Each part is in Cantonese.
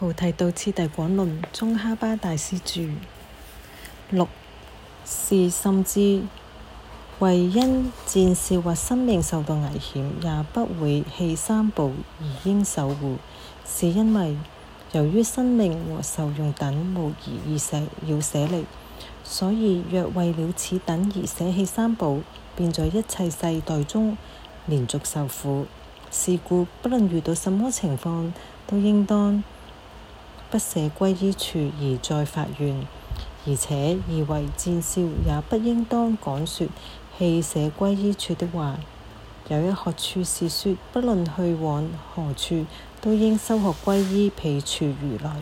菩提道次第廣論中，哈巴大師住六是，甚至為因戰事或生命受到危險，也不會棄三寶而應守護，是因為由於生命和受用等無疑而捨要捨離，所以若為了此等而捨棄三寶，便在一切世代中連續受苦，是故不論遇到什麼情況都應當，不捨歸依處而再發願，而且而為戰笑，也不應當講説棄捨歸依處的話。有一學處是説，不論去往何處，都應修學歸依，彼處如來。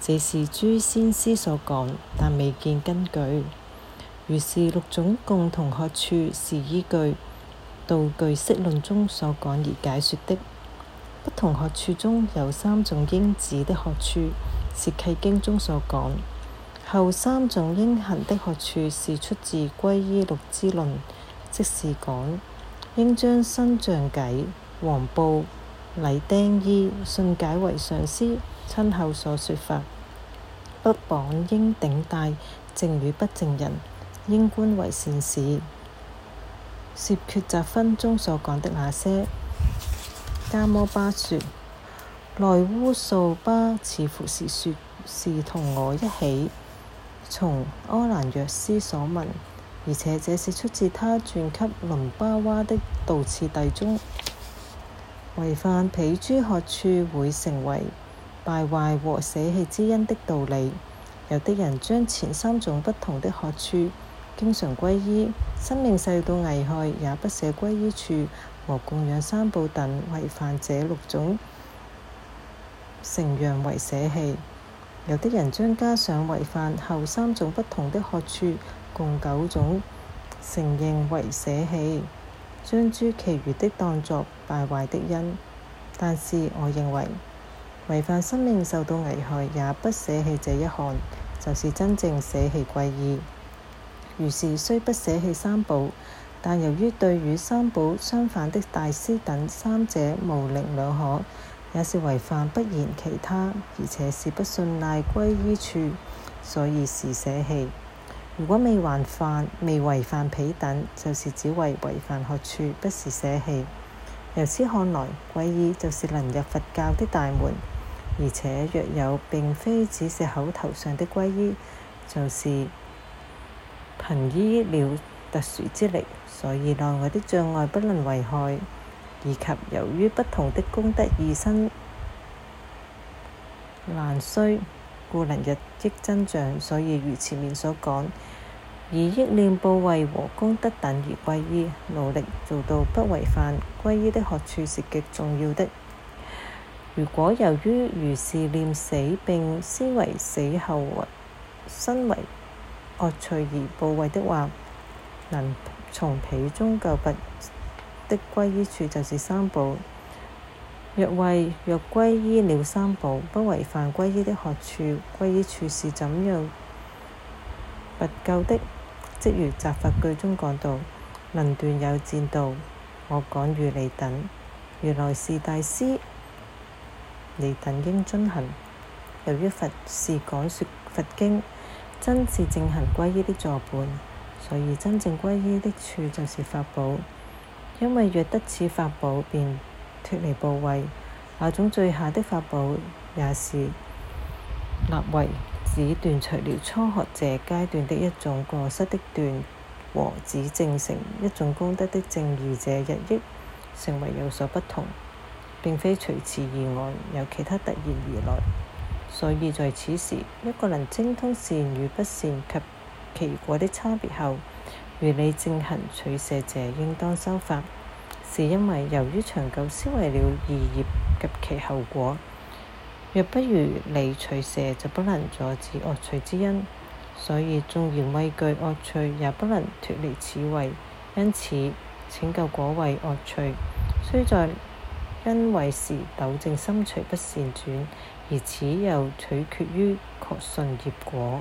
這是諸先師所講，但未見根據。如是六種共同學處是依據道具釋論中所講而解説的。不同學處中有三種應止的學處，是《契經》中所講；後三種應行的學處是出自《歸依六支論》，即是講應將身像偈、黃布、泥釘衣，信解為上師親口所說法，不綁應頂戴，正與不正人，應觀為善士」。《攝決擇分》中所講的那些。迦摩巴說：內烏素巴似乎是說是同我一起從柯蘭若斯所聞，而且這是出自他傳給林巴哇的道次第中。違犯彼諸學處會成為敗壞和捨棄之因的道理。有的人將前三種不同的學處經常歸依，生命受到危害也不捨歸依處。和供養三寶等違犯這六種承揚為捨棄，有啲人將加上違犯後三種不同的學處共九種承認為捨棄，將諸其餘的當作敗壞的因。但是我認為違犯生命受到危害也不捨棄這一項，就是真正捨棄貴意。如是雖不捨棄三寶。但由於對與三寶相反的大師等三者模棱兩可，也是違犯不言其他，而且是不信賴歸依處，所以是捨棄。如果未還犯未違犯彼等，就是只為違犯學處，不是捨棄。由此看來，歸依就是能入佛教的大門，而且若有並非只是口頭上的歸依，就是憑依了。特殊之力，所以內外的障礙不能危害，以及由於不同的功德而生難衰，故能日益增長。所以如前面所講，以憶念怖畏和功德等而皈依，努力做到不違反皈依的學處是極重要的。如果由於如是念死，並思維死後生為惡趣而怖畏的話，能從被中救拔的歸依處就是三寶。若為若歸依了三寶，不違犯歸依的學處。歸依處是怎樣拔救的？即如雜法句中講到，能斷有見道，我講與你等，原來是大師，你等應遵行。由於佛是講説佛經，真是正行歸依的助伴。所以真正歸依的處就是法寶，因為若得此法寶便脫離怖畏，那種最下的法寶也是立為止斷，除了初學者階段的一種過失的斷和自正成一種功德的正義者日益成為有所不同。並非除此以外，有其他突然而來。所以在此時一個能精通善與不善及其果的差別後，如你正行取捨者，應當修法，是因為由於長久思維了業業及其後果。若不如你取捨，就不能阻止惡趣之因，所以縱然畏懼惡趣，也不能脫離此位。因此請救果位惡趣，雖在因位時，糾正心隨不善轉，而此又取決於確信業果。